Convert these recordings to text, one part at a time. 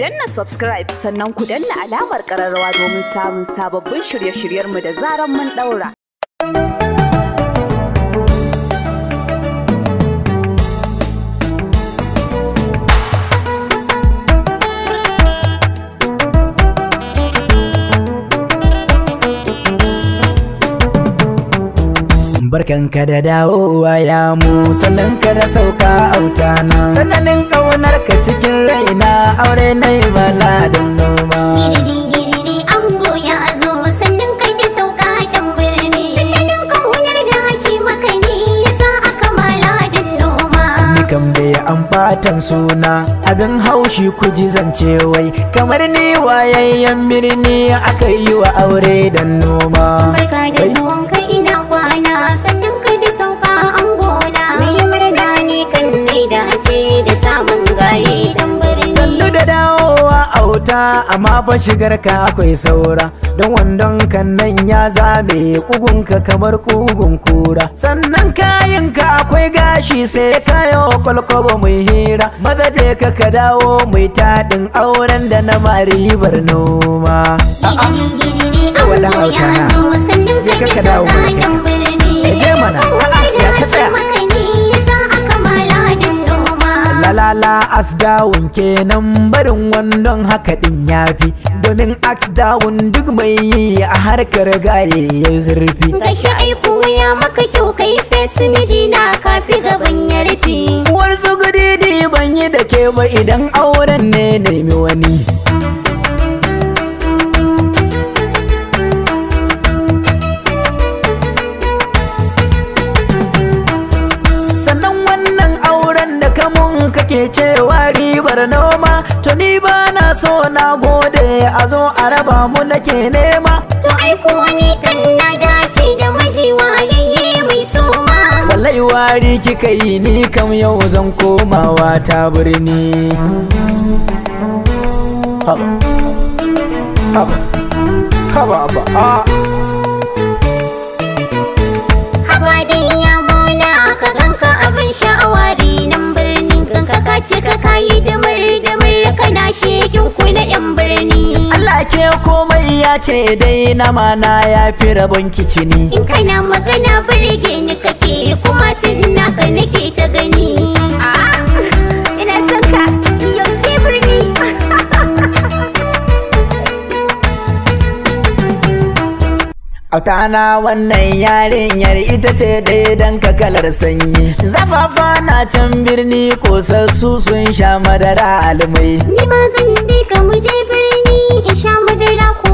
danna subscribe sannan ku danna alamar kararrawa domin samun sababbin shirye-shiryenmu da zaran mun daura. barkanka da dawowa ya mu sannan ka da sauka autana na. kaunar ka ce aure na yi baladin noma an fatan suna abin haushi ku ji zance wai kamar ni wayayyen birni aka yi wa aure da noma barka da zuwan kai ina kwana sannan kai da sauka an gona mai murna ne kan da ce da sa fa shigar ka akwai saura don wandon kan nan ya zame kugun ka kamar kugun kura sannan kayan ka akwai gashi sai kayo kwalkwaba mai hira maza je ka ka dawo mai tadin auren da na mari ribar noma wadan auta je ka ka dawo mai kai je mana ya kasa tsaya lala as dawon kenan barin wannan haka din yafi domin as dawon duk mai yi a harkar gaye ya zurfi gashi aiku ya maka kyau kai fesu na kafi gaban ya rufi uwar su gudidi ban yi da ke ba idan auren ne nemi wani ke cewa ribar noma to ni ba na so na gode a zo a raba mu nake nema to ai ko ni kan na dace da majiwa yayye mai soma wallahi wari kika yi ni kam yau zan komawa ta birni haba haba haba haba ah. haba dai Allah ke komai ya ce dai na mana ya fi rabon kicini in kana magana burge ni kake kuma tun ka nake ta gani ah, ina son ka Autana wannan yarinyar ita ce ɗaya don kakalar sanyi. Zafafa na can birni ko sassu sun sha madara almai. Ni ma zan dai ka muje birni.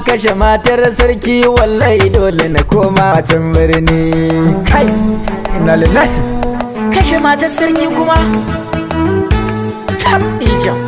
kashe matar sarki wallahi dole na koma can birni kai na lillahi kashe matar sarki kuma tabbijan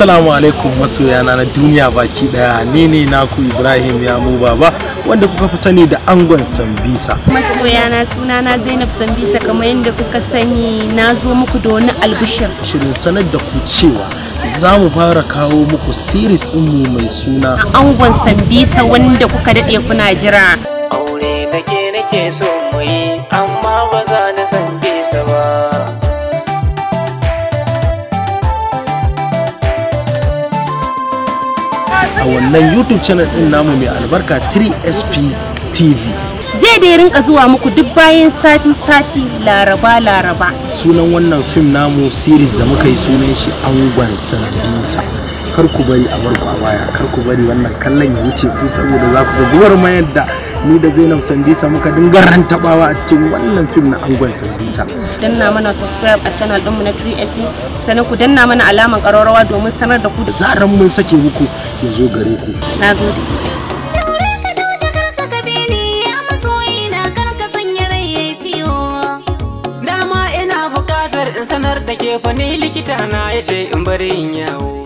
Assalamu alaikum masoyana na duniya baki daya ni ne naku Ibrahim ya mu baba wanda kuka fi sani da angon Sambisa. Masoyana na Zainab Sambisa kamar yadda kuka sani na zo muku da wani albishir. Shirin sanar da ku cewa za mu fara kawo muku siris mu mai suna. Angon Sambisa wanda kuka daɗe kuna jira. Aure nake nake so wannan youtube channel din namu mai albarka 3sp tv zai dai rinka zuwa muku duk bayan sati-sati laraba-laraba sunan wannan fim namu series da muka yi sunan shi angon sandisa kar ku bari a baya kar ku bari wannan kallon ya wuce ku saboda za ku ga mayar da ni da zainab sandisa muka dinga rantabawa a cikin wannan fim na angon sandisa danna mana subscribe a channel mu na 3sd sannan ku danna mana alaman ƙararrawa domin sanar da ku da zaran mun sake muku ya zo gare ku na gode sanar da ke fa ni likita na ya ce in bari in yawo